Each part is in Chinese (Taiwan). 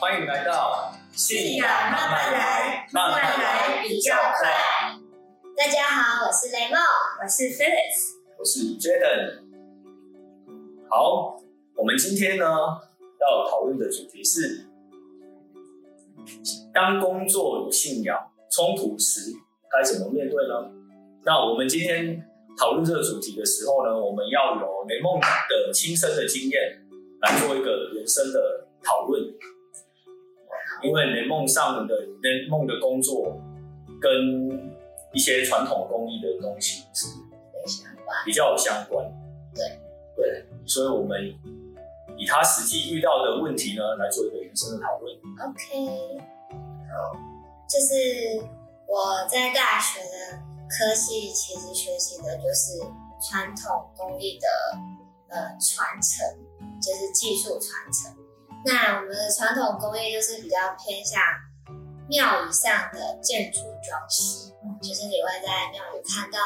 歡迎來到信仰慢慢來，慢慢來比較快。大家好，我是 Lemon，我是 Felix，我是 Jaden。好，我們今天呢要討論的主題是，當工作與信仰衝突時，該怎麼面對呢？那我們今天。討論這個主題的時候呢，我們要有 Lemon 的親身的經驗來做一個延伸的討論。好，因為 Lemon 上的 Lemon 的工作跟一些傳統工藝的東西是比較有相關。對對，所以我們以他實際遇到的問題呢，來做一個延伸的討論。OK，好，就是我在大學的。科系其實學習的就是傳統工藝的呃傳承，就是技術傳承。那我們的傳統工藝就是比較偏向廟宇上的建築裝飾，就是你會在廟宇看到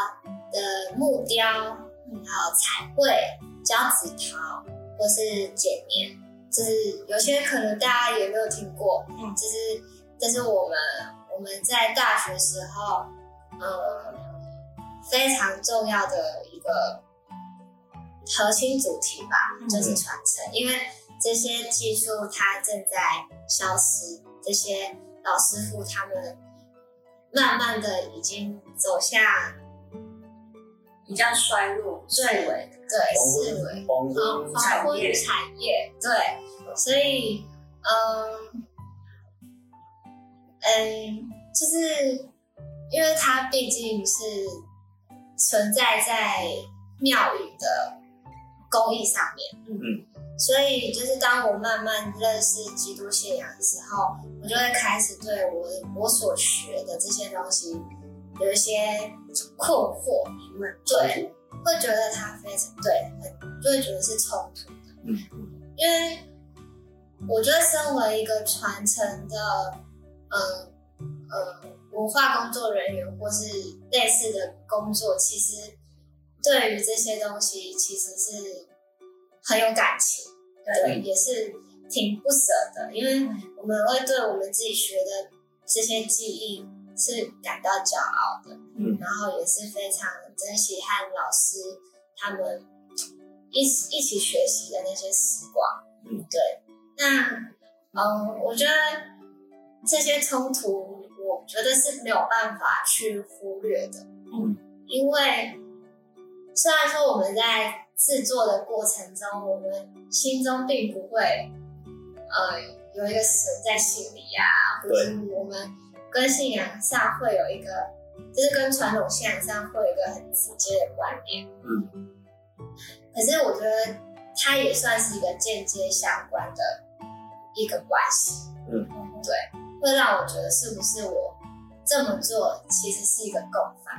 的木雕，嗯、然後彩繪、交趾陶或是剪黏，就是有些可能大家也沒有聽過。嗯，就是這是我們我們在大學時候，呃。非常重要的一個核心主題吧，就是傳承、嗯。因為這些技術它正在消失，這些老師傅他們慢慢的已經走向比較衰落，、式微，對式微、式微產，產業。對，所以，嗯嗯、欸，就是因為它畢竟是。存在在廟宇的工藝上面，嗯，所以就是當我慢慢認識基督信仰的時候，我就會開始對我我所學的這些東西有一些困惑，因為對，會覺得它非常對的，就會覺得是衝突的，嗯，因為我就身為一個傳承的，呃呃文化工作人員或是類似的工作，其實對於這些東西其實是很有感情，嗯，對，也是挺不捨的，因為我們會對我們自己學的這些記憶是感到驕傲的，嗯，然後也是非常珍惜和老師他們一一起學習的那些時光，嗯，對，那嗯，我覺得這些衝突。我覺得是沒有辦法去忽略的，嗯，因為雖然說我們在製作的過程中，我們心中並不會，呃，有一個神在心裡呀、啊，或者我們跟信仰上會有一個，就是跟傳統信仰上會有一個很直接的觀念，嗯，可是我覺得它也算是一個間接相關的一個關係，嗯，對。會讓我覺得是不是我這麼做其實是一個共犯？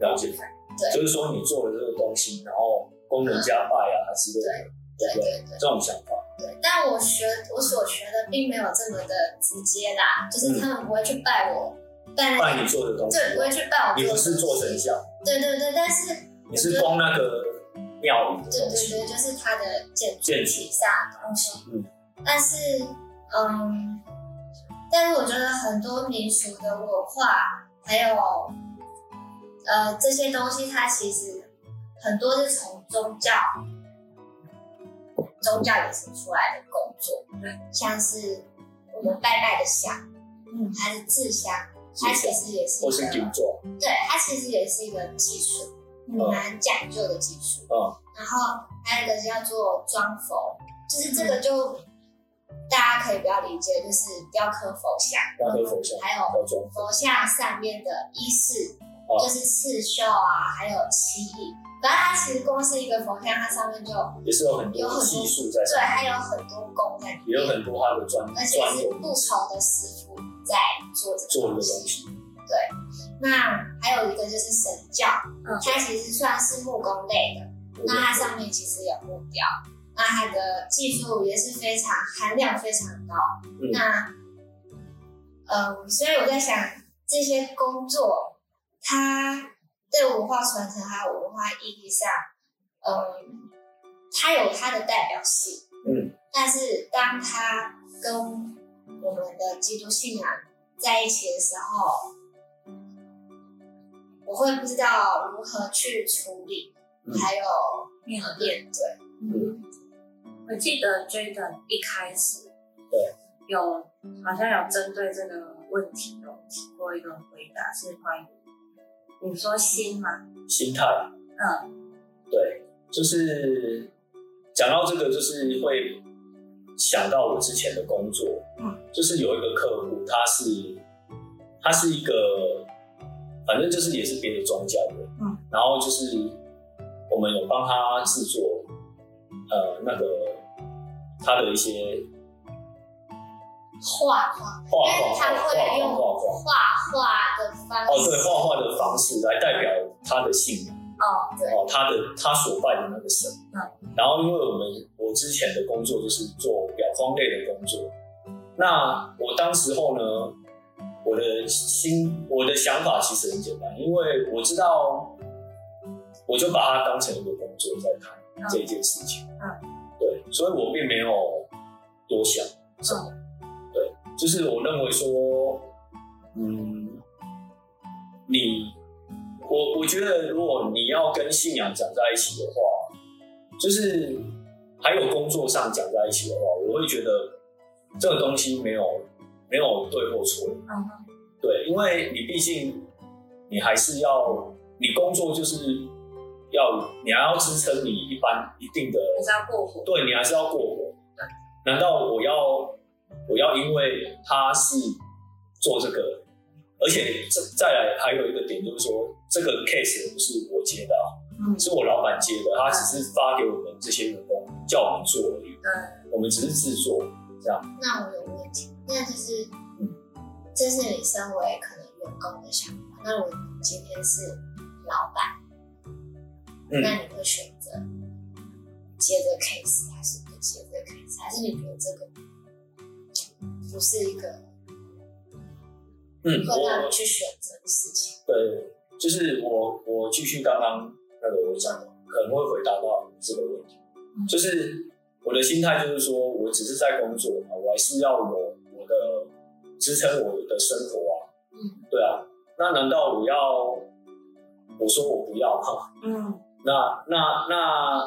了解。對，就是說你做了這個東西，然後供人家拜呀，之、嗯、類、那個。對對對對,對,對,對，這種想法。對，但我學我所學的並沒有這麼的直接啦，就是他們不會去拜我，嗯、拜,拜你做的東西，不會去拜我。你不是做成效對對對，但是你是供那個廟宇。對對對，就是他的建築底下東西。嗯，但是嗯。Um, 但是我覺得很多民俗的文化，還有，呃，這些東西，它其實很多是從宗教，宗教也是出來的工作，嗯、像是我們拜拜的香，嗯，還是制香、嗯，它其實也是一個，後、嗯、天對，它其實也是一個技術，蠻、嗯、講究的技術，嗯，然後還有一個叫做裝佛，就是這個就。嗯大家可以比較理解，就是雕刻佛像，雕刻佛像，嗯、還有佛像上面的衣飾、嗯，就是刺繡啊、嗯，還有漆藝。然、嗯、後它其實光是一個佛像，它上面就也就是有很多技術在有很多，對，還有很多工在裡面，也有很多它的專而且是不同的師傅在做這些。對，那還有一個就是神教，嗯、它其實算是木工類的，那它上面其實有木雕。那他的技術也是非常含量非常高，嗯。那，嗯，所以我在想，這些工作它對文化傳承還有文化意義上，嗯，它有它的代表性。嗯。但是，當它跟我們的基督信仰在一起的時候，我會不知道如何去處理，還有如何面對。嗯。嗯。我記得 Jaden 一開始對有好像有針對這個問題有提過一個回答，是關於你說心嗎？心態，嗯，對，就是講到這個，就是會想到我之前的工作，嗯，就是有一個客戶，他是他是一個反正就是也是別的宗教的，嗯，然後就是我們有幫他制作呃那個。他的一些畫畫，他會用畫畫的方哦，對，畫畫的方式來代表他的信仰哦，對哦，他的他所拜的那個神，嗯，然後因為我們我之前的工作就是做裱框類的工作，那我當時候呢，我的心我的想法其實很簡單，因為我知道，我就把它當成一個工作在看這件事情，嗯。嗯所以，我並沒有多想。對，就是我認為說，嗯，你，我我覺得，如果你要跟信仰講在一起的話，就是還有工作上講在一起的話，我會覺得這個東西沒有沒有對或錯。對，因為你畢竟你還是要，你工作就是。要你還要支撐你一般一定的，還是要過火，對，你還是要過火。對、啊,難道我要我要因為他是做這個，而且這再來還有一個點就是說，這個 case 不是我接的，嗯、是我老闆接的、啊，他只是發給我們這些員工叫我們做而已，啊、我們只是製作這樣。那我有問題，那就是、嗯，這是你身為可能員工的想法。那我今天是老闆。嗯、那你會選擇接這 case 還是不接這 case，還是你覺得這個不是一個嗯會讓你去選擇的事情？對，對，對，就是我我繼續剛剛那個我講，可能會回答到這個問題。嗯、就是我的心態就是說我只是在工作啊，我還是要有我的支撐我的生活啊、嗯，對啊，那難道我要我說我不要哈？嗯。那那那，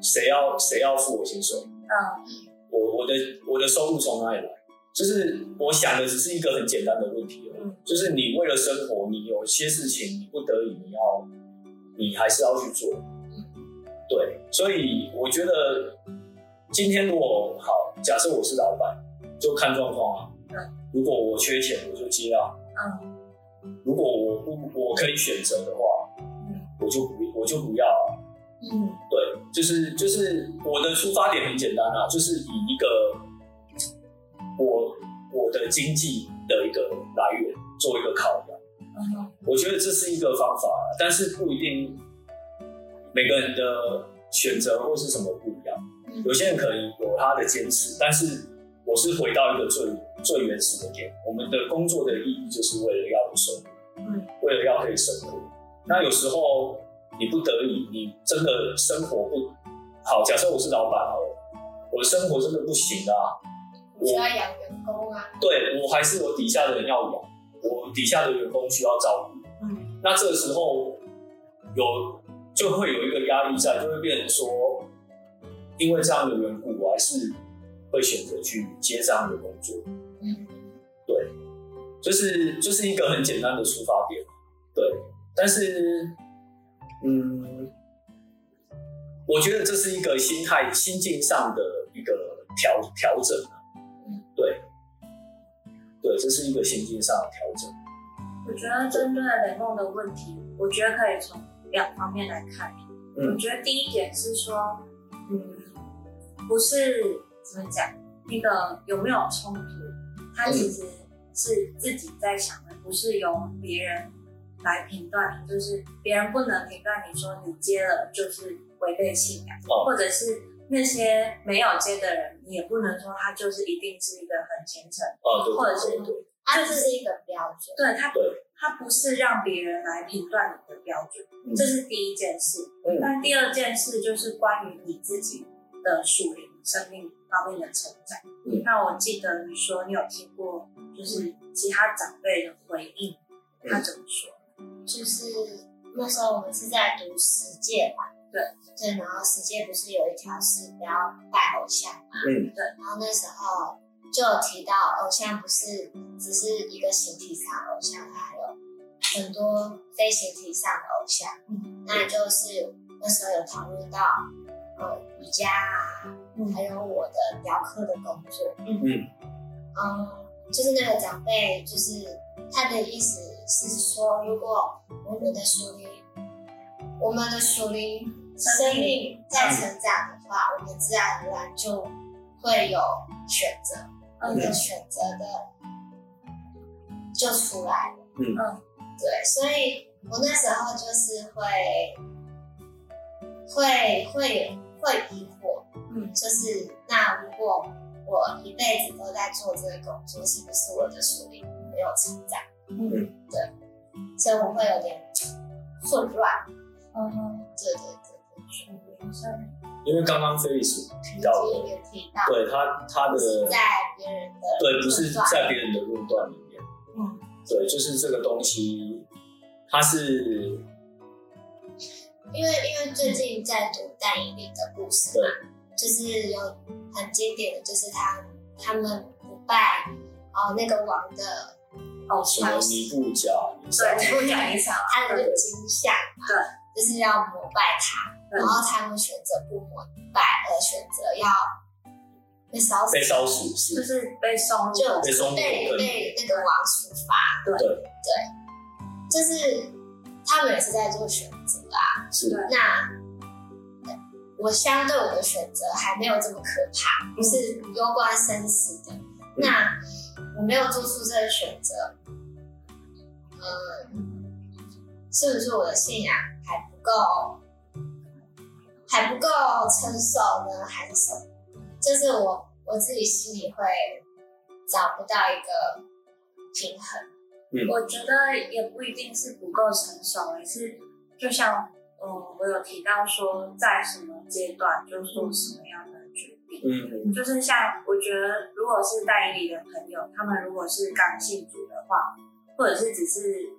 誰要誰要付我薪水？啊，我我的我的收入從哪裡來？就是我想的只是一個很簡單的問題、喔嗯、就是你為了生活，你有些事情你不得已你要，你還是要去做。嗯、對，所以我覺得今天如果好，假設我是老闆，就看狀況啊。如果我缺錢，我就接啊、嗯。如果我不我，我可以選擇的話、嗯，我就不。我就不要啊，嗯，對，就是就是我的出發點很簡單啊，就是以一個我我的經濟的一個來源做一個考量，嗯，我覺得這是一個方法啊，但是不一定每個人的選擇或是什麼不一樣，嗯，有些人可以有他的堅持，但是我是回到一個最最原始的點，我們的工作的意義就是為了要收入，嗯，為了要可以生活，那有時候。你不得已，你真的生活不好。假設我是老闆哦，我的生活真的不行啊。你我需要養員工啊。對，我還是我底下的人要養，我底下的員工需要照顧。嗯，那這個時候有就會有一個壓力在，就會變成說，因為這樣的緣故，我還是會選擇去接這樣的工作。嗯，對，就是就是一個很簡單的出發點。對，但是。嗯，我覺得這是一個心態、心境上的一個調調整。嗯，對，對，這是一個心境上的調整。我覺得針對 Lemon 的問題，我覺得可以從兩方面來看。嗯，我覺得第一點是說，嗯，不是怎麼講，那個有沒有衝突，他其實是自己在想的，不是由別人來評斷你，就是別人不能評斷你說，你接了就是違背信仰。啊，或者是那些沒有接的人，你也不能說他就是一定是一個很虔誠。啊，或者是，啊，這是一個標準，對他對，他不是讓別人來評斷你的標準，嗯、這是第一件事。那，嗯、第二件事就是關於你自己的屬靈，嗯、生命方面的成長。嗯。那我記得你說你有聽過就是其他長輩的回應，嗯，他怎麼說？就是那時候我們是在讀十誡嘛，對對，然後十誡不是有一條是不要拜偶像嘛、嗯，對，然後那時候就有提到偶像不是只是一個形體上偶像，還有很多非形體上的偶像，嗯，那就是那時候有討論到呃瑜伽，啊、嗯，還有我的雕刻、嗯、的工作，嗯嗯，就是那個長輩，就是他的意思是說，如果我們的屬靈，我們的屬靈生命在成長的話，我們自然而然就會有選擇，一個選擇的就出來了。嗯，對，所以我那時候就是會會會會疑惑，嗯，就是那如果，我一輩子都在做這個工作，是不是我的屬靈沒有成長？嗯，對，所以我會有點混亂。嗯，對對對對，因為剛剛菲利斯提到，對他他的在別人的對不是在別人的論斷裡，裡面，嗯，對，就是這個東西，他是因為因為最近在讀但以理的故事嘛。對就是有很經典的，就是他他們不拜哦那個王的王哦什麼尼布甲尼撒，對尼布甲尼撒他那個金像，對，就是要膜拜他，然後他們選擇不膜拜而、呃、選擇要被燒死，被燒死，就是被燒，就是、被被、被那個王處罰，對對、對，就是他們也是在做選擇的、啊、那。我相對我的選擇還沒有這麼可怕，不、嗯、是攸關生死的。嗯、那我沒有做出這個選擇，嗯、呃，是不是我的信仰還不夠，還不夠成熟呢？還是什麼？就是我我自己心裡會找不到一個平衡。嗯、我覺得也不一定是不夠成熟，而是就像……嗯、我有提到說，在什麼階段就做什麼樣的決定，嗯、就是像我覺得，如果是代理的朋友，他們如果是剛信主的話，或者是只是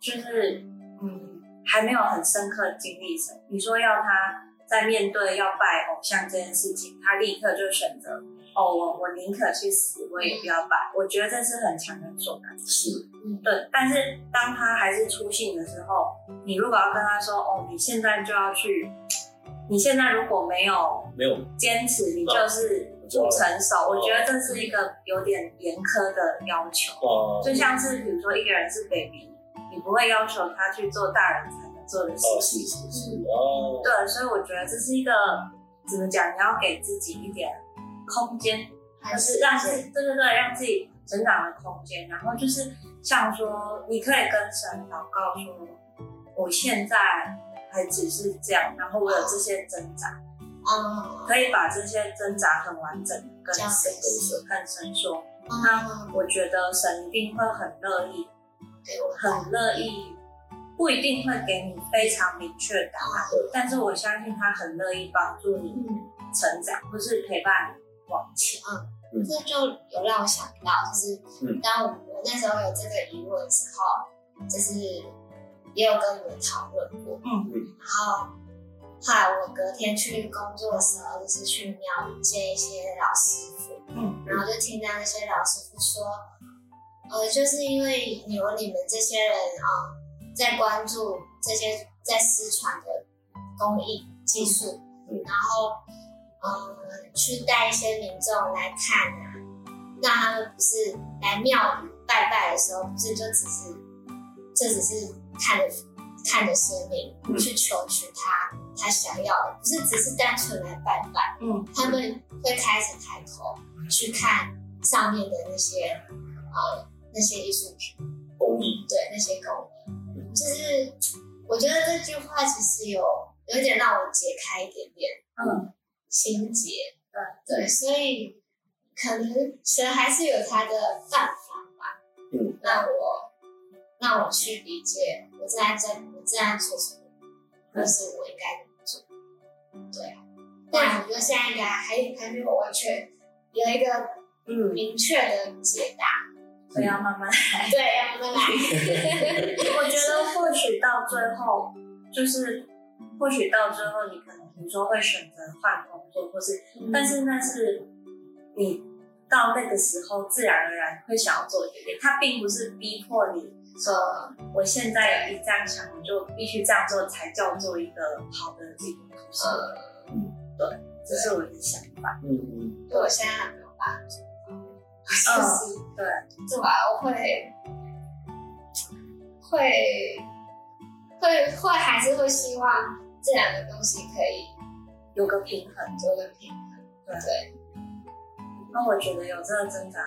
就是嗯還沒有很深刻的經歷什麼，你說要他在面對要拜偶像這件事情，他立刻就選擇。哦、oh，我我寧可去死，我也不要拜，嗯。我覺得這是很強的手段。是，嗯，對。但是當他還是初信的時候，你如果要跟他說，哦，你現在就要去，你現在如果沒有沒有堅持，你就是不成熟，啊啊。我覺得這是一個有點嚴苛的要求。哦、啊啊。就像是比如說一個人是 baby，你不會要求他去做大人才能做的事情，啊。哦、啊嗯啊。對，所以我覺得這是一個怎麼講？你要給自己一點。空間，就是讓自己是是對對對，讓自己成長的空間。然後就是像說，你可以跟神禱告說，我現在還只是這樣，然後我有這些掙扎，嗯，可以把這些掙扎很完整跟神跟神說、嗯，那我覺得神一定會很樂意，很樂意，不一定會給你非常明確答案，但是我相信他很樂意幫助你成長，或、嗯、是陪伴你。往前，這、啊、就有讓我想到，就是當我那時候有這個疑問之後，就是也有跟你們討論過，嗯，嗯，然後後來我隔天去工作的時候，就是去廟裡見一些老師傅，嗯，嗯，然後就聽到那些老師傅說，呃，就是因為你有你們這些人啊、呃，在關注這些在失傳的工藝技術、嗯嗯，然後。去帶一些民眾來看啊，讓他們不是來廟宇拜拜的時候，不是就只是，這只是看着看着神明，去求取他他想要的，不是只是單純來拜拜。嗯，他們會開始抬頭去看上面的那些呃那些藝術品，工藝、嗯、對那些工藝就是我覺得這句話其實有有一點讓我解開一點點嗯情節。對，所以可能神還是有他的辦法吧。嗯，讓我讓我去理解，我正在做，我這樣做什麼，或、就是我應該怎麼做。對、啊嗯，但我覺得現在應該還還沒有完全有一個嗯明確的解答、嗯，所以要慢慢來。對，要慢慢來。 我覺得或許到最後，就是或許到最後，你可能你說會選擇換。或是，但是那是你到那個時候自然而然會想要做一點,點，它並不是逼迫你、嗯、說我現在有一這樣想，我就必須這樣做才叫做一個好的基督徒。嗯對，對，這是我的想法。對嗯嗯，因為我現在還沒有辦法，就、嗯、是 對，至少會會會會還是會希望這兩個東西可以。有個平衡，做個平衡，對。那我覺得有這個掙扎，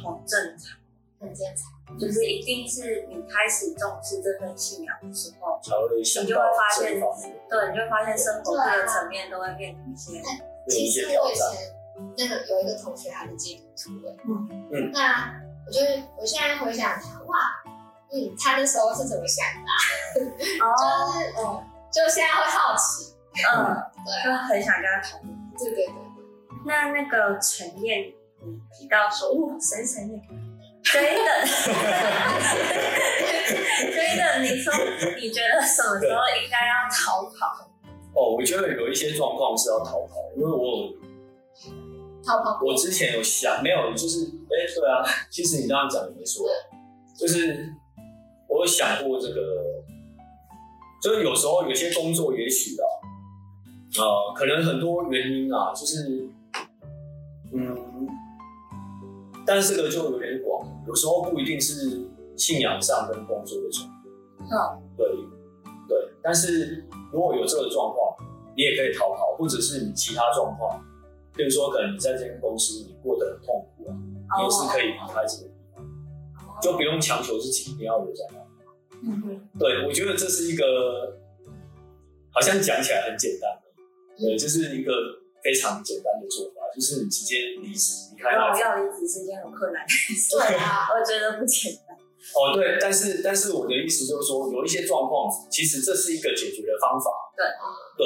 好正常，很正常。就是一定是你開始重視這份信仰的時候，你就會發現，對，你就會發現生活各個層面都會變一些、欸啊、其實我以前、嗯、那個有一個同學還，他是基督徒，嗯嗯。那嗯我就我現在回想他，哇，嗯，他那時候是怎麼想的、啊？ 哦、 就是哦、嗯，就現在會好奇。嗯嗯嗯對，就很想跟他同。對對對。那那個陳念，你提到說，哦，誰是陳念？對 真的，對 的。你說你覺得什麼時候應該要逃跑？哦，我覺得有一些狀況是要逃跑，因為我逃跑。我之前有想，沒有，就是，哎、欸，對啊，其實你剛剛講的沒錯，就是，我有想過這個，就是有時候有些工作也，也許啊。呃，可能很多原因啊，就是，嗯，但是這個就有點廣，有時候不一定是信仰上跟工作的衝突。啊。對，對，但是如果有這個狀況，你也可以逃跑，或者是你其他狀況，比如說可能你在這間公司你過得很痛苦啊，啊，你也是可以離開這個地方，就不用強求自己一定要留在那。嗯哼。對，我覺得這是一個，好像講起來很簡單。對，這是一個非常簡單的做法，就是你直接離離開。然後要離職是一件很困難的事。對啊， 我也覺得不簡單。哦，對，但是但是我的意思就是說，有一些狀況，其實這是一個解決的方法。對，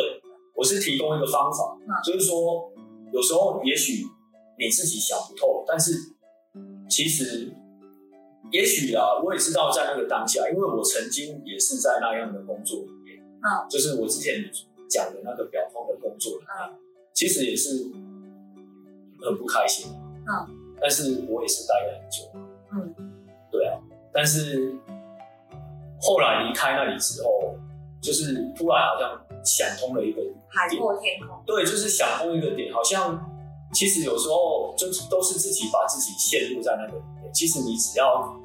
對，我是提供一個方法。嗯、就是說，有時候也許你自己想不透，但是其實，也許啊，我也知道在那個當下，因為我曾經也是在那樣的工作裡面。嗯，就是我之前。講的那個表層的工作，嗯，其實也是很不開心。嗯，但是我也是待了很久。嗯，對啊，但是後來離開那裡之後，就是突然好像想通了一個點，海闊天空。對，就是想通一個點，好像其實有時候就是都是自己把自己陷入在那個裡面。其實你只要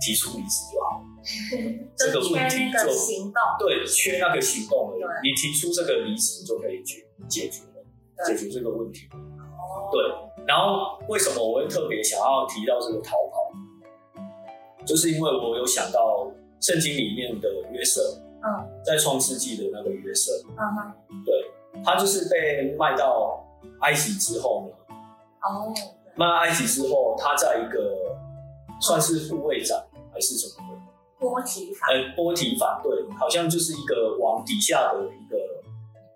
提出離職就好。 這個問題就行動對，缺那個行動而已。你提出這個離職，就可以去解決了，解決這個問題。Oh. 對，然後為什麼我會特別想要提到這個逃跑？就是因為我有想到聖經裡面的約瑟。Oh. 在創世紀的那個約瑟。Oh. 對，他就是被賣到埃及之後呢？哦、oh.，賣到埃及之後，他在一個算是護衛長還是什麼？波提反、嗯，波提反，對，好像就是一個王底下的一個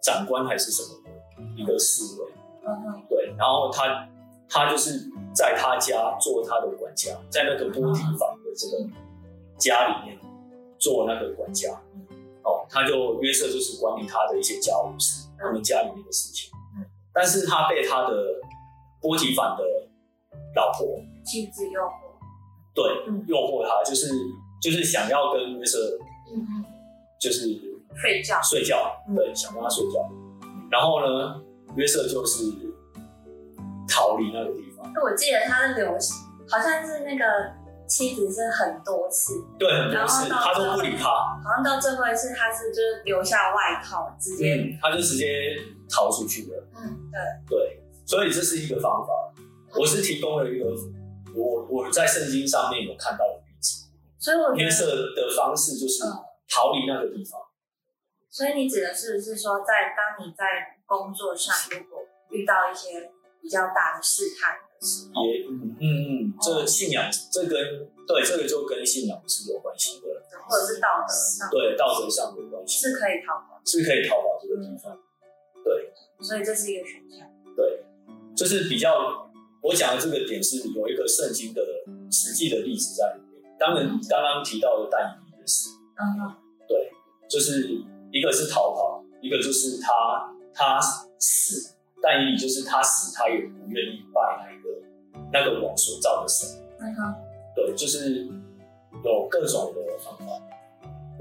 長官還是什麼的，嗯、一個侍衛，嗯，嗯，對，然後他他就是在他家做他的管家，在那個波提反的這個家裡面做那個管家、嗯嗯，哦，他就約瑟就是管理他的一些家務事，他、嗯、們家裡面的事情、嗯，但是他被他的波提反的老婆，妻子誘惑，對，誘惑他就是。就是想要跟約瑟，嗯，就是睡覺，睡覺，對，嗯、想跟他睡覺。然後呢，約瑟就是逃離那個地方。我記得他是留，好像是那個妻子是很多次，對，很多次，他都不理他。好像到最後一次，他是就是留下外套，直接、嗯、他就直接逃出去了。嗯，對，對，所以這是一個方法。我是提供了一個，嗯、我我在聖經上面有，沒有看到。所以我，我約瑟的方式就是逃離那個地方。所以，你指的是不是說，在當你在工作上如果遇到一些比較大的試探的時候？哦、也，嗯嗯嗯，哦、這個、信仰，這跟、個、對，這個就跟信仰是有關係的，或者是道德上，對，道德上的關係是可以逃跑，是可以逃跑這個地方？嗯、對，所以這是一個選項。對，這、就是比較我講的這個點是有一個聖經的實際的例子在裡。當然，剛剛提到的但以理的事，嗯，對，就是一個是逃跑，一個就是他他死，但以理就是他死，他也不願意拜那個那個王所造的神。嗯，對，就是有各種的方法。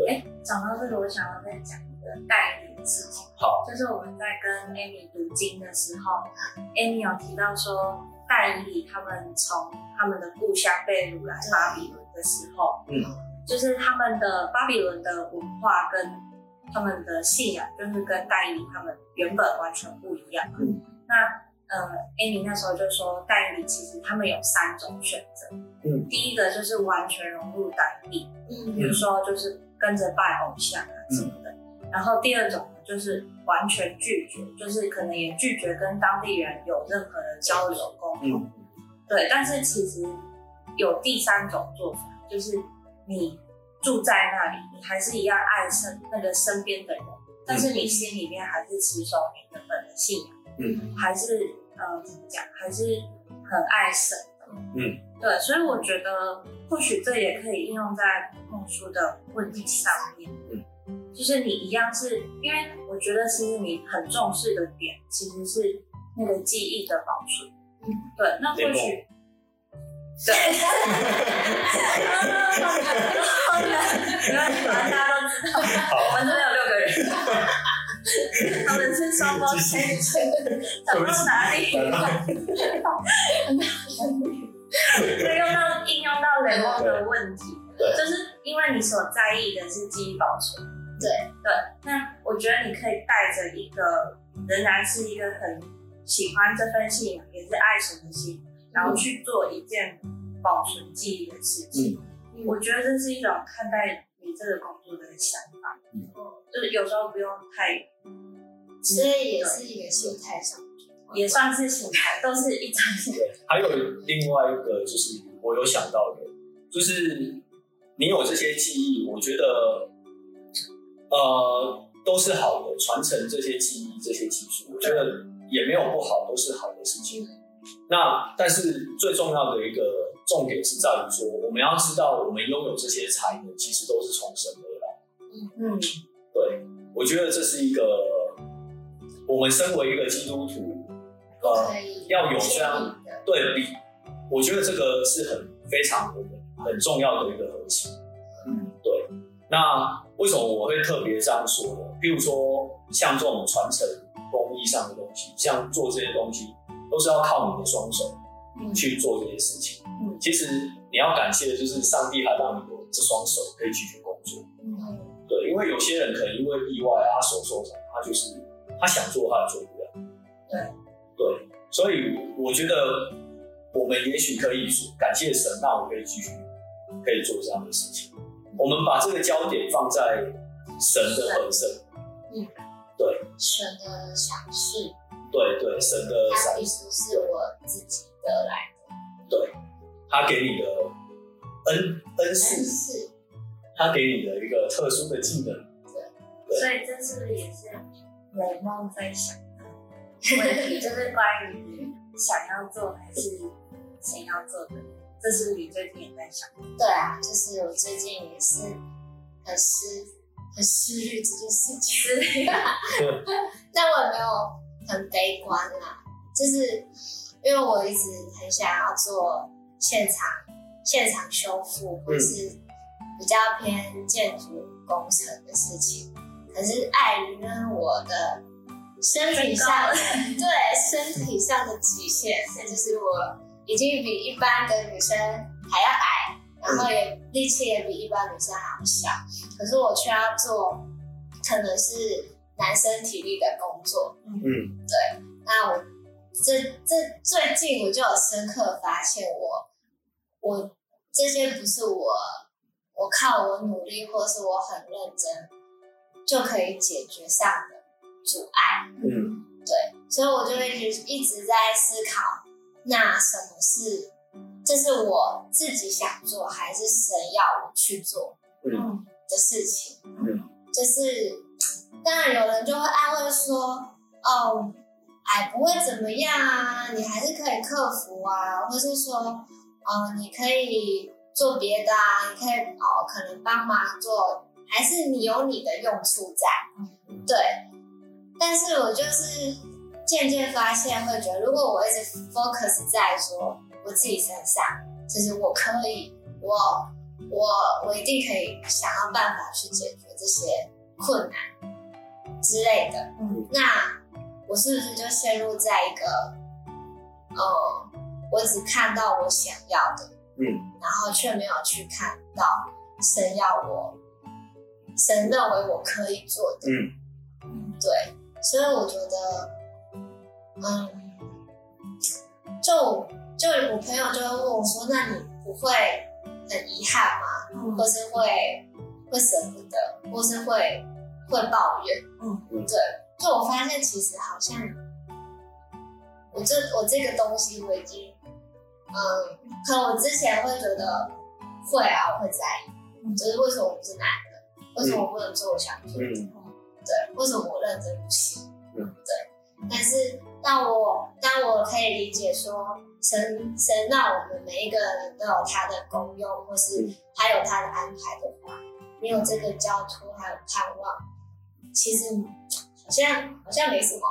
哎，講、欸、到這個，我想要再講一個但以理的事情。好，就是我們在跟 Amy 讀經的時候，Amy 有提到說，但以理他們從他們的故鄉被擄來巴比、欸的時候，嗯，就是他們的巴比倫的文化跟他們的信仰，就是跟但以理他們原本完全不一樣。嗯，那呃，Amy 那時候就說，但以理其實他們有三種選擇。嗯，第一個就是完全融入當地，嗯，比如說就是跟着拜偶像啊什麼的、嗯。然後第二種呢，就是完全拒絕，就是可能也拒絕跟當地人有任何的交流溝通。對，但是其實。有第三種做法，就是你住在那裡，你還是一樣愛身那個身邊的人，但是你心裡面還是持守你的本性，嗯，還是呃怎麼講，還是很愛神的，嗯，對，所以我覺得或許這也可以應用在木書的問題上面，嗯，就是你一樣是因為我覺得是你很重視的點，其實是那個記憶的保存，嗯，對，那或許。對，哈哈哈哈哈！大家都知道，我們都有六個人，他們是雙方先生走到哪裡，啊？哈以用到應用到雷蒙的問題，就是因為你所在意的是記憶保存，對對。那我覺得你可以帶着一個仍然是一個很喜歡這份信，也是愛神的信。然後去做一件保存記憶的事情，嗯、我覺得這是一種看待你這個工作的想法、嗯。就是有時候不用太，其、嗯、實也是一個心態上，也算是心態，都是一種心態 還有另外一個就是我有想到的，就是你有這些記憶，我覺得，呃，都是好的，傳承這些記憶、這些技術，我覺得也沒有不好，都是好的事情。那但是最重要的一個重點是在於說，我們要知道我們擁有這些才能，其實都是從神而來的。嗯嗯，對，我覺得這是一個我們身為一個基督徒，呃，okay, 要有這樣比對比，我覺得這個是很非常很重要的一個核心。嗯，對。那為什麼我會特別這樣說呢？譬如說，像這種傳承工藝上的東西，像做這些東西。都是要靠你的雙手去做這些事情。其實你要感謝的就是上帝，還讓你有這雙手可以繼續工作。對，因為有些人可能因為意外啊，他手受傷，他就是他想做他做不了。對，所以我覺得我們也許可以感謝神，讓我們可以繼續可以做這樣的事情。我們把這個焦點放在神的本身。對，神的賞賜。對對，神的神的恩賜是，我自己得來的。對，他給你的恩恩賜是他給你的一個特殊的技能。對，對所以這是不是也是美夢在想的問題？ 就是關於想要做還是想要做的， 這是你最近也在想。對啊，就是我最近也是很思很思慮這件事情。對，那 我也沒有。很悲觀啊，就是因為我一直很想要做現場、現場修復，或是比較偏建築工程的事情。可是礙於呢，我的身體上， 對，身體上的極限，嗯、就是我已經比一般的女生還要矮，然後也力氣也比一般女生還要小，可是我卻要做，可能是。男生體力的工作，嗯，對。那我這這最近我就有深刻發現我，我我這些不是我我靠我努力或是我很認真就可以解決上的阻礙，嗯，對。所以我就會一直一直在思考，那什麼是這、就是我自己想做，還是神要我去做的事情？嗯，就是。當然，有人就會安慰說：“哦，哎，不會怎麼樣啊，你還是可以克服啊，或是說，嗯、你可以做別的啊，你可以哦，可能幫忙做，還是你有你的用處在，對。但是我就是漸漸發現，會覺得如果我一直 focus 在說我自己身上，就是我可以，我我我一定可以想到辦法去解決這些。”困難之類的，嗯，那我是不是就陷入在一個，呃，我只看到我想要的，嗯，然後卻沒有去看到神要我，神認為我可以做的，嗯，對，所以我覺得，嗯，就就我朋友就會問我說，那你不會很遺憾嗎？嗯，或是會。會捨不得，或是會會抱怨，嗯，對。嗯、就我發現，其實好像我這、嗯、我這個東西，我已經，嗯，可能我之前會覺得會啊，我會在意，嗯、就是為什麼我是男的，嗯、為什麼我不能做我想做的、嗯，對，為什麼我認真不行，嗯，對。但是，當我當我可以理解說神，神神讓我們每一個人都有他的功用，或是他有他的安排的話。沒有這個交托還有盼望，其實好像好像沒什麼，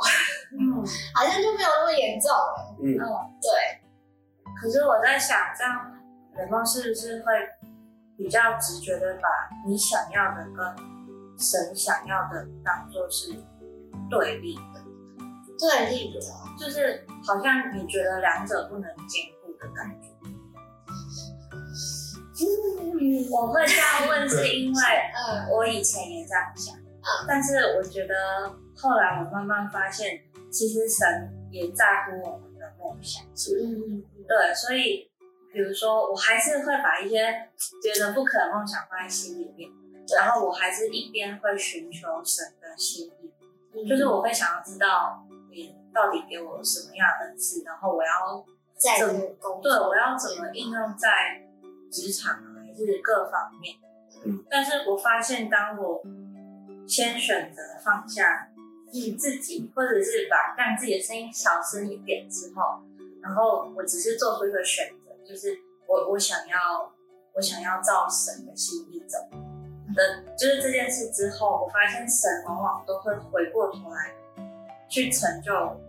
嗯， 嗯，好像就沒有那麼嚴重了，嗯，對。可是我在想，這樣 Lemon 是不是會比較直覺的把你想要的跟神想要的當做是對立的？對立的，就是好像你覺得兩者不能兼顧的感覺。嗯，我會這樣問，是因為嗯，我以前也這樣想，但是我覺得後來我慢慢發現，其實神也在乎我們的夢想。嗯嗯嗯。對，所以比如說，我還是會把一些覺得不可能夢想放在心裡面，然後我還是一邊會尋求神的心意、嗯，就是我會想要知道你到底給我什麼樣的恩賜，然後我要怎麼、這個、對，我要怎麼應用在職場還是各方面，嗯，但是我發現，當我先選擇放下你自己，或者是把讓自己的聲音小聲一點之後，然後我只是做出一個選擇，就是我我想要我想要照神的心意走的，就是這件事之後，我發現神往往都會回過頭來去成就我。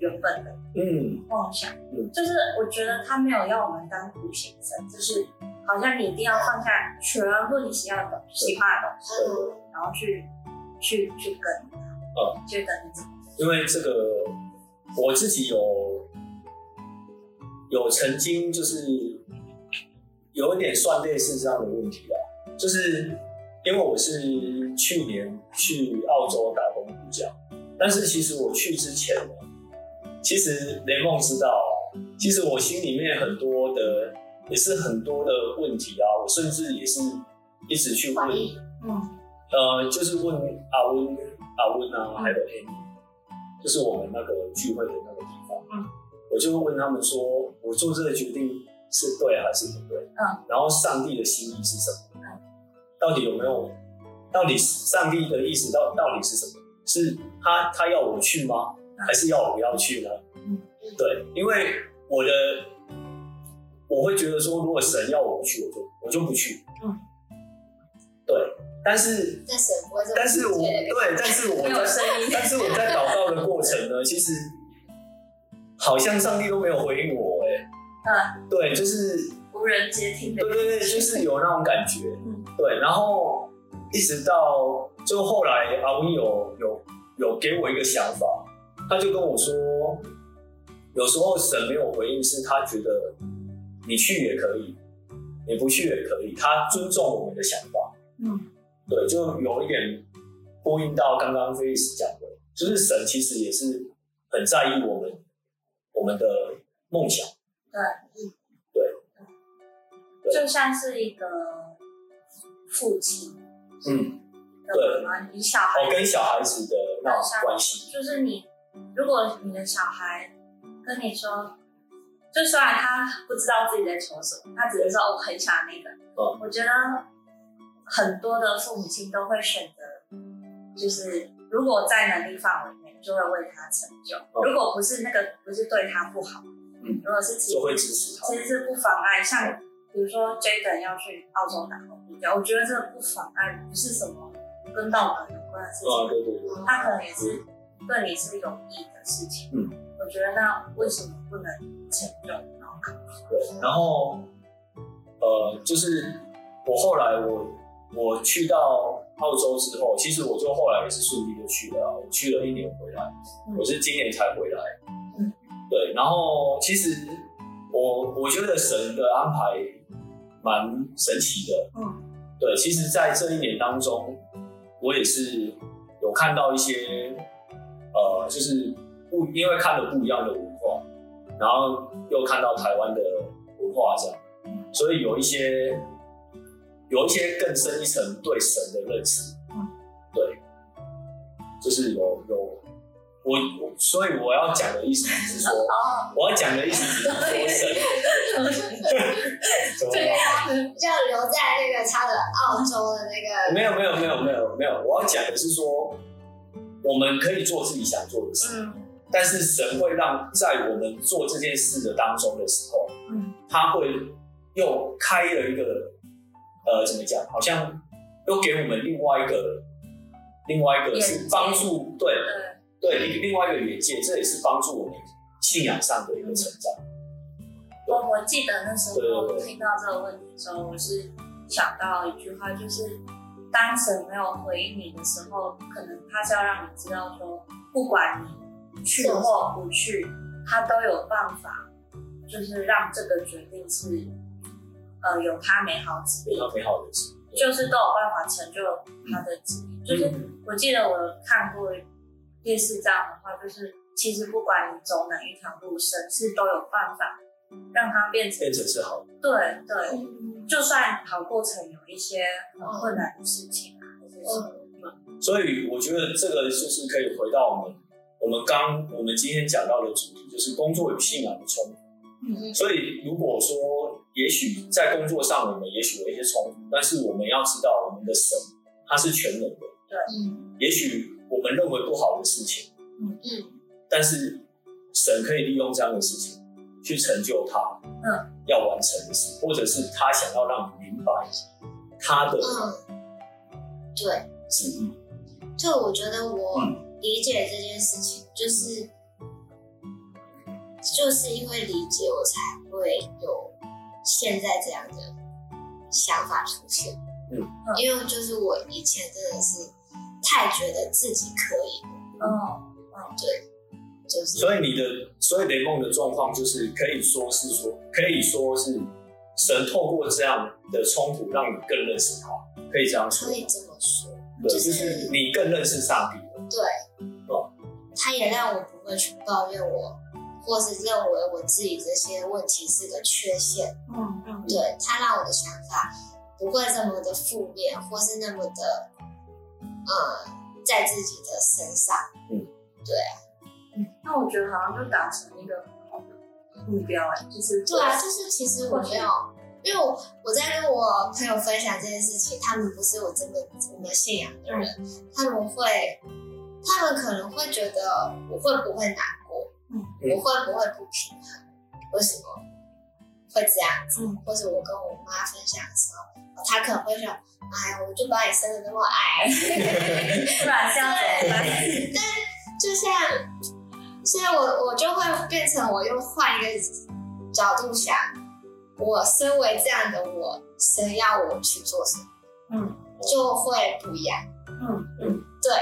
原本的嗯妄想，就是我覺得他沒有要我們當苦行僧，就是好像你一定要放下全部你需要的、喜歡的東西，然後去、嗯、去去跟啊去跟、嗯嗯，因為這個我自己有有曾經就是有一點算類似這樣的問題了、啊，就是因為我是去年去澳洲打工度假，但是其實我去之前其實 Lemon 知道，其實我心裡面很多的也是很多的問題啊。我甚至也是一直去問，嗯，呃，就是問阿溫、阿溫啊，嗯、還有 Amy，就是我們那個聚會的那個地方，嗯，我就會問他們說，我做這個決定是對還是不對？嗯，然後上帝的心意是什麼？到底有沒有？到底上帝的意思到到底是什麼？是他他要我去嗎？還是要我不要去呢？嗯。對，因為我的我會覺得說，如果神要我去，我就我就不去。嗯，對，但是但是我，是我，但是我對，但是我在，但是我在禱告的過程呢， 其實好像上帝都沒有回應我，欸，哎，嗯，對，就是無人接聽的，對對對，就是有那種感覺，嗯，對，然後一直到就後來阿威有有有給我一個想法。他就跟我說：“有時候神沒有回應，是他覺得你去也可以，你不去也可以，他尊重我們的想法。”嗯，對，就有一點呼應到剛剛菲斯講的，就是神其實也是很在意我們我們的夢想。對，對，對，就像是一個父親。嗯，對，你小孩跟小孩子的那種關係，就是你。如果你的小孩跟你說，就算他不知道自己在求什麼，他只能說我很想那個、嗯。我覺得很多的父母親都會選擇，就是如果在能力範圍內，就會為他成就。嗯、如果不是那個不是對他不好，嗯、如果是就會其實,其實是不妨礙，像比如說 Jaden 要去澳洲打工一樣，我覺得這個不妨礙，不是什麼跟道德有關的事情。嗯、他可能也是。嗯對你是有益的事情，嗯，我覺得那為什麼不能成就然後對，然後，呃，就是我後來我我去到澳洲之後，其實我就後來也是順利的去了，我去了一年回來，嗯，我是今年才回來，嗯，對，然後其實我我覺得神的安排蠻神奇的，嗯，對，其實，在這一年當中，我也是有看到一些。呃，就是不因為看了不一樣的文化，然後又看到台灣的文化這樣，所以有一些有一些更深一層對神的認識。嗯、對，就是有有我，我，所以我要講的意思是說， 哦、我要講的意思是說神。個 要對、 啊、留在那個他的澳洲的那個。沒有沒有沒有沒有沒有，我要講的是說。我們可以做自己想做的事，嗯，但是神會讓在我們做這件事的當中的時候，嗯、他會又開了一個，呃，怎麼講？好像又給我們另外一個，另外一個是幫助，對，對，對、嗯，另外一個眼界，這也是幫助我們信仰上的一個成長。我、嗯、我記得那時候我聽到這個問題的時候，對對對，我是想到一句話，就是。當神沒有回應你的時候，可能他是要讓你知道說，不管你去或不去，他都有辦法，就是讓這個決定是，呃，有他美好的旨意。非常美好的旨意。就是都有辦法成就他的旨意，嗯。就是我記得我看過電視這樣的話，就是其實不管你走哪一條路，神是都有辦法。讓它變成變成是好的，對對，嗯嗯，就算好過程有一些很困難的事情啊、哦這些事情嗯，所以我覺得這個就是可以回到我們我們剛我們今天講到的主題，就是工作與信仰的衝突。嗯。所以如果說，也許在工作上我們也許有一些衝突，但是我們要知道，我們的神他是全能的。對。嗯。也許我們認為不好的事情，嗯嗯，但是神可以利用這樣的事情。去成就他，嗯，要完成的事，或者是他想要讓你明白他的，嗯，對，是嗯，就我覺得我理解這件事情，就是、嗯、就是因為理解，我才會有現在這樣的想法出現嗯。嗯，因為就是我以前真的是太覺得自己可以。嗯嗯，對。嗯就是、所以你的，所以雷夢的狀況就是可以說是說，可以說是神透過這樣的衝突讓你更認識他，可以這樣說，可以這麼說，對，就是你更認識上帝，對，哦、嗯，他也讓我不會去抱怨我，或是認為我自己這些問題是個缺陷，嗯嗯，對，他讓我的想法不會這麼的負面，或是那麼的、嗯，在自己的身上，嗯，對嗯、那我覺得好像就達成一個很好的目標哎，欸，就是對，對啊，就是其實我沒有，為因為我，我在跟我朋友分享這件事情，他們不是我這麼我們信仰的人，嗯，他們會，他們可能會覺得我會不會難過，嗯，我會不會不平衡，為什麼會這樣子？嗯，或者我跟我媽分享的時候，嗯，她可能會說，哎，我就把你生得那麼矮，不然這樣怎麼辦？但就像。所以我，我我就會變成，我又換一個角度想，我身為這樣的我，神要我去做什麼？嗯，就會不一樣，嗯嗯，對，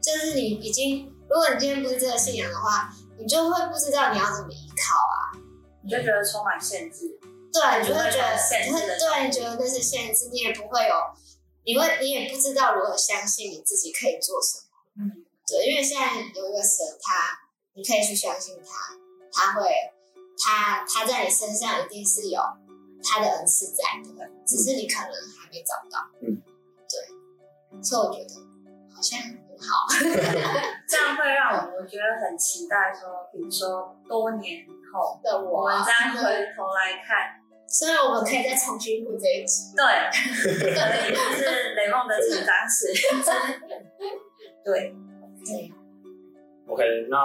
就是你已經，如果你今天不是這個信仰的話，你就會不知道你要怎麼依靠啊，你就覺得充滿限制，對，你就會覺得會限制，對，你覺得那是限制，你也不會有，你會，你也不知道如何相信你自己可以做什麼，嗯，對，因為現在有一個神，他。你可以去相信他，他會，他他在你身上一定是有他的恩賜在的，只是你可能還沒找到。嗯，對。所以我覺得好像很好，嗯， 這樣會讓我們覺得很期待。說，比如說多年後的我，嗯，我們再回頭來看，所以我們可以再重新錄這一集。嗯、對，可 以錄是 Lemon 的成長史。對，對。OK，那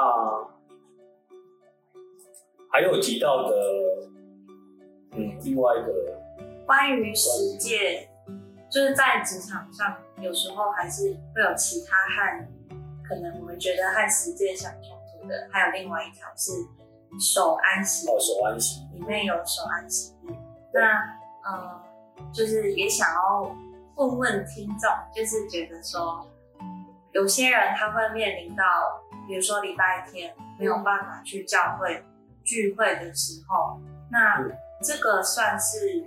還有提到的，嗯，另外一個關於十誡，就是在職場上，有時候還是會有其他和可能我們覺得和十誡相衝突的。還有另外一條是守安息哦，守安息裡面有守安息對。那呃就是也想要問問聽眾，就是覺得說，有些人他會面臨到。比如說禮拜天沒有辦法去教會聚會的時候，那這個算是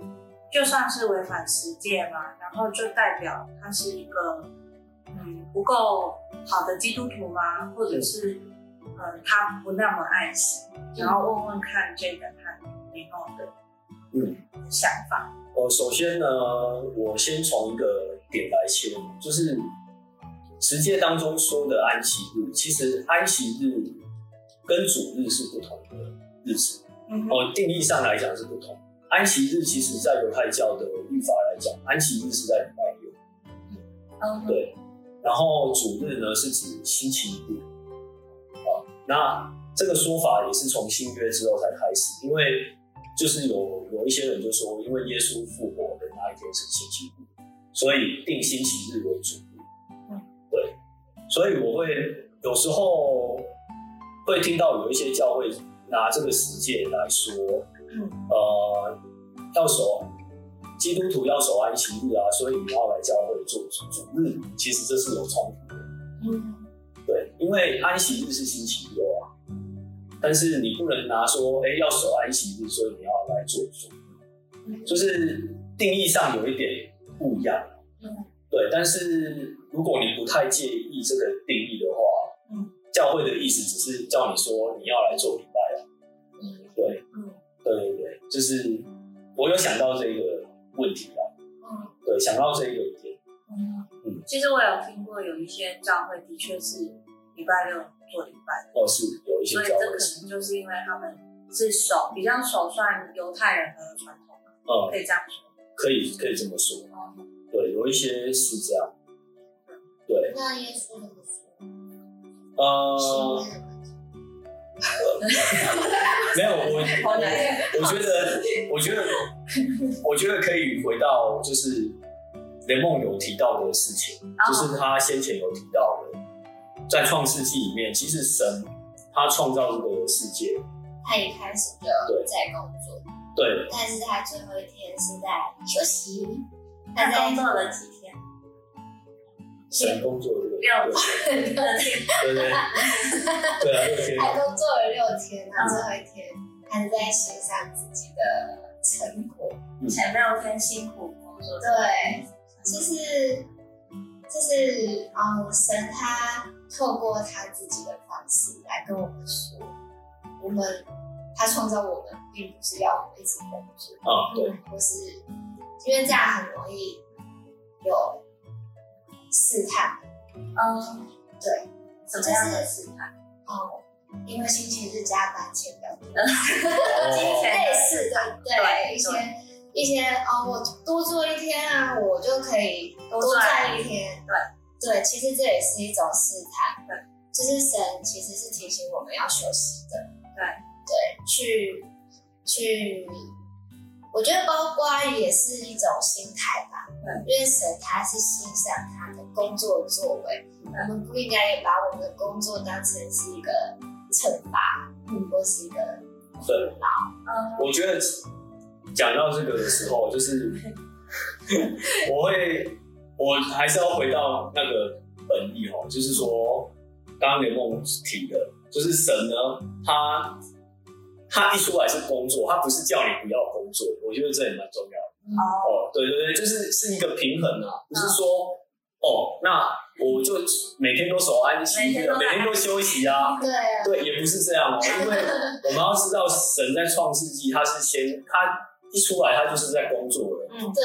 就算是違反十誡嘛？然後就代表他是一個嗯不夠好的基督徒嗎？或者是呃他不那麼愛神，然後問問看這個他和有,有的嗯想法。我首先呢，我先從一個點來切入，就是。十誡當中說的安息日，其實安息日跟主日是不同的日子，哦、嗯呃，定義上來講是不同。安息日其實在猶太教的律法來講，安息日是在禮拜六。對、嗯。然後主日呢是指星期日，啊，那這個說法也是從新約之後才開始，因為就是有有一些人就說，因為耶穌復活的那一天是星期日，所以定星期日為主。所以我會有時候會聽到有一些教會拿這個世界來說，嗯，呃，要守基督徒要守安息日啊，所以你要來教會做主主日，其實這是有衝突的，嗯，對，因為安息日是星期六啊，但是你不能拿說，欸，要守安息日，所以你要來做主日，嗯，就是定義上有一點不一樣，嗯，對，但是。如果你不太介意這個定義的話，嗯，教會的意思只是叫你說，你要來做禮拜了啊。嗯，對，嗯，對對對，就是我有想到這個問題吧啊。嗯，對，想到這一個一點，嗯嗯，其實我有聽過有一些教會的確是禮拜六做禮拜的，哦，是有一些教會，所以這可能就是因為他們是守，嗯，比較守算猶太人的傳統啊，嗯，可以這樣說，可以可以這麼說，嗯，對，有一些是這樣。那耶穌怎麼說了？呃，呃 沒有我，我， 我覺得，我覺得， 我覺得可以回到就是 Lemon 有提到的事情，oh. 就是他先前有提到的，在創世紀裡面，其實神他創造這個世界，他一開始就在工作對，對，但是他最後一天是在休息，他工作了幾天。全工作六天，六還工作了六天，那最後一天還、啊、是在欣賞自己的成果，也沒有很辛苦工作，對、嗯其實，就是就是啊，神他透過他自己的方式來跟我們說，我們他創造我們，並不是要我們一直工作。哦、啊，對，或、嗯、是因為這樣很容易有試探，嗯，對，什麼樣的就是試探，哦，因為星期日加班錢、嗯、 的,的，的，類似對對一些對一些哦，我多做一天啊，我就可以多賺一天，對對,對，其實這也是一種試探，對，就是神其實是提醒我們要休息的，對對，去去。我覺得包括也是一種心態吧，嗯，因為神他是欣賞他的工作的作為，我們不應該把我們的工作當成是一個懲罰，或，嗯，是一個苦勞，嗯。我覺得講到這個的時候，就是 我會我還是要回到那個本意哦，就是說剛剛 Lemon 提的，就是神呢，他他一出來是工作，他不是叫你不要。我覺得這也蠻重要的哦，嗯 oh, 對對對，就是是一個平衡啊，不是說哦，嗯 oh, 那我就每天都守安息、啊、每，每天都休息啊，對啊對，也不是這樣哦， 因為我們要知道神在創世紀，他是先他一出來，他就是在工作的。嗯、對，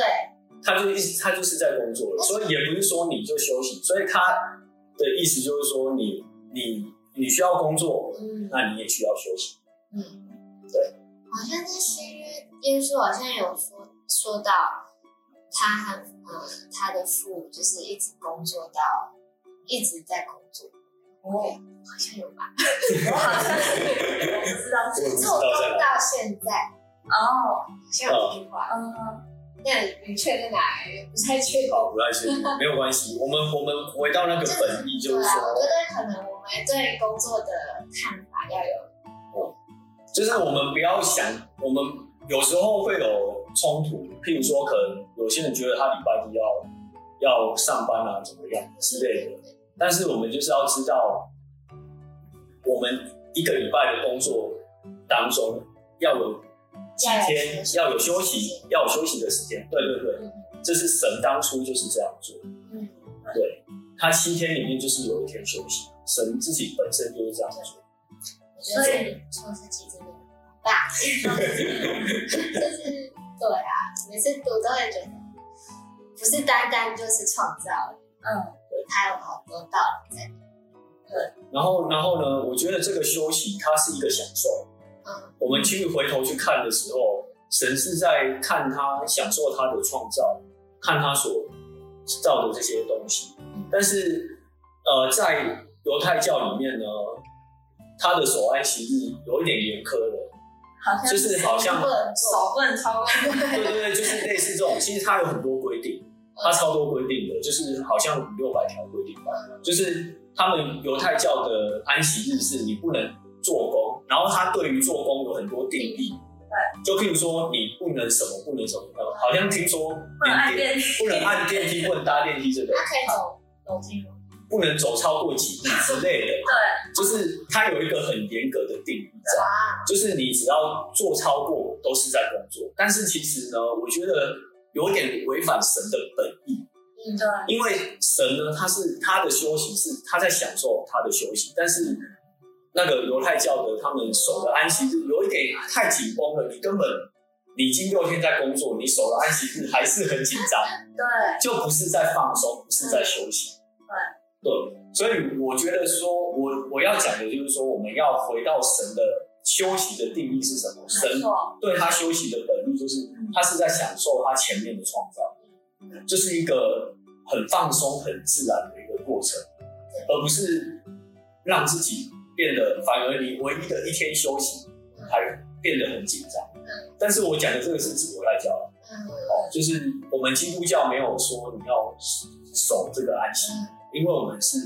他就一直他就是在工作的、哦，所以也不是說你就休息，所以他的意思就是說你你你需要工作、嗯，那你也需要休息，嗯，對。好像那些說在新約耶穌好像有說說到他和、嗯、他的父就是一直工作到一直在工作哦，好像有吧，我好像不知道，從工作到現在哦，像一句話嗯，但明確定來，不太確保，不太確定，沒有關係。我們我們回到那個本意，就是我覺得可能我們對工作的看法要有。就是我們不要想，我們有時候會有衝突，譬如說，可能有些人覺得他禮拜一要要上班啊，怎麼樣之類的。但是我們就是要知道，我們一個禮拜的工作當中要有幾天假，要有休息，要有休息的時間。對對對，嗯，這是神當初就是這樣做。嗯，對，他七天裡面就是有一天休息，神自己本身就是這樣做。所以，就是、就是、對啊，每次我都會覺得，不是單單就是創造，嗯，對，它有好多道理在。對、嗯，然後，然後呢？我覺得這個休息，它是一個享受、嗯。我們去回頭去看的時候，神是在看他享受他的創造，看他所造的這些東西。但是，呃，在猶太教裡面呢，他的守安息日有一點嚴苛的。就是好像不能做，不能超分， 對對對，就是類似這種。其實它有很多規定，它超多規定的，就是好像五六百條規定。就是他們猶太教的安息日是你不能做工，然後它對於做工有很多定義。對、嗯嗯嗯。就譬如說，你不能什麼不能什麼，好像聽說你電不能按電梯，不能搭電梯這個。可以走樓梯不能走超過幾步之類的，對，就是它有一個很嚴格的定義在，啊，就是你只要做超過都是在工作。但是其實呢，我覺得有點違反神的本意。嗯，對。因為神呢，他是他的休息是他在享受他的休息，但是那個猶太教的他們守的安息日有一點太緊繃了，你根本你已經六天在工作，你守的安息日還是很緊張，對，就不是在放鬆，不是在休息，對。對對，所以我覺得說，我我要講的就是說，我們要回到神的休息的定義是什麼？神對他休息的本意就是，他是在享受他前面的創造，這、就是一個很放鬆、很自然的一個過程，而不是讓自己變得反而你唯一的一天休息還變得很緊張。但是我講的這個是指我來講，哦，就是我們基督教沒有說你要守這個安息。因為我們是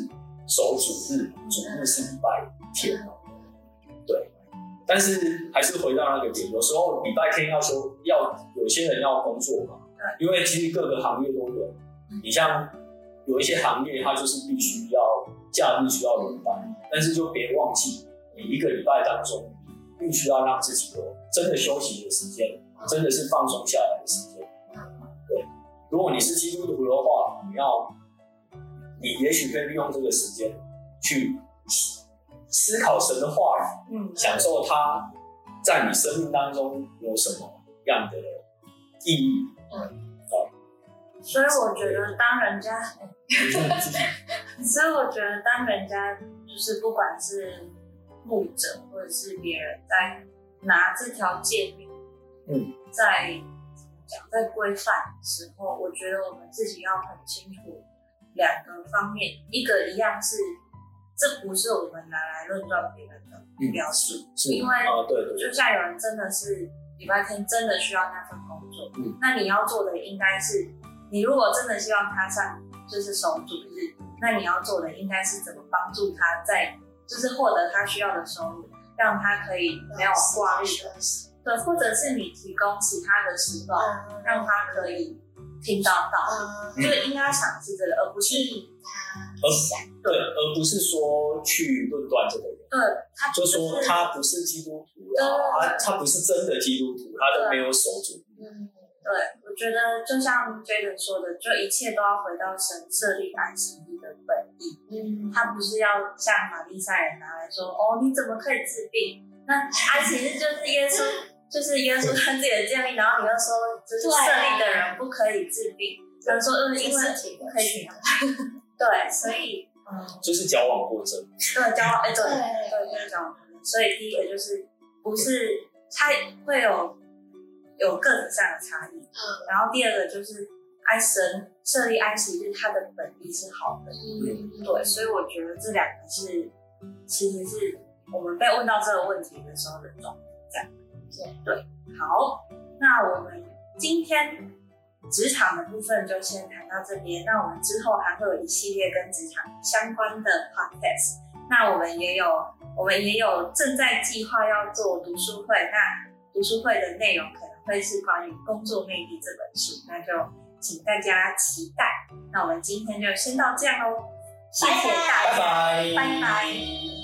守主日，主日是禮拜天哦。對，但是還是回到那個點，有時候禮拜天要休，要有些人要工作嘛。對。因為其實各個行業都有，你像有一些行業，它就是必須要假日需要輪班，但是就別忘記，你一個禮拜當中，必須要讓自己有真的休息的時間，真的是放鬆下來的時間。對。如果你是基督徒的話，你要。你也許可以利用這個時間去思考神的話，嗯，享受他，在你生命當中有什麼樣的意義，嗯，好、嗯。所以我覺得，當人家，嗯、 所以我覺得，當人家就是不管是牧者或者是別人在拿這條誡命，嗯，在怎麼講，在規範的時候，我覺得我們自己要很清楚，兩個方面，一個一樣是，這不是我們拿來論斷別人的描述、嗯、因為、啊、對對對，就像有人真的是禮拜天真的需要那份工作、嗯，那你要做的應該是，你如果真的希望他上就是守主日、嗯，那你要做的應該是怎麼幫助他在，在就是獲得他需要的收入，讓他可以沒有掛慮的、啊、的對，或者是你提供其他的時段、嗯，讓他可以。聽到到、嗯、就應該想是這個，而不是他，而不是對，而不是說去論斷這個人。對他是就說他不是基督徒、啊他，他不是真的基督徒，他都沒有守住對、嗯、對，我覺得就像 Jayden 說的，就一切都要回到神設立安息日的本意。嗯，他不是要像瑪麗賽人拿來說哦，你怎麼可以治病？那安息日就是耶穌。 就是耶穌說他自己的建議， 然後你又說就是設立的人不可以治病，只能、啊、說嗯因為可以對，所以嗯就是交往過程，對，交往哎對對對，是交往，所以第一個就是不是他會有有個體上的差異，嗯，然後第二個就是安息日設立安息日是他的本意是好的、嗯，對，所以我覺得這兩個是其實是我們被問到這個問題的時候的狀態。對，好，那我們今天職場的部分就先談到這邊。那我們之後還會有一系列跟職場相關的 podcast。那我們也有，我們也有正在計劃要做讀書會。那讀書會的內容可能會是關於《工作魅力》這本書，那就請大家期待。那我們今天就先到這樣哦，謝謝大家，拜拜，拜拜。拜拜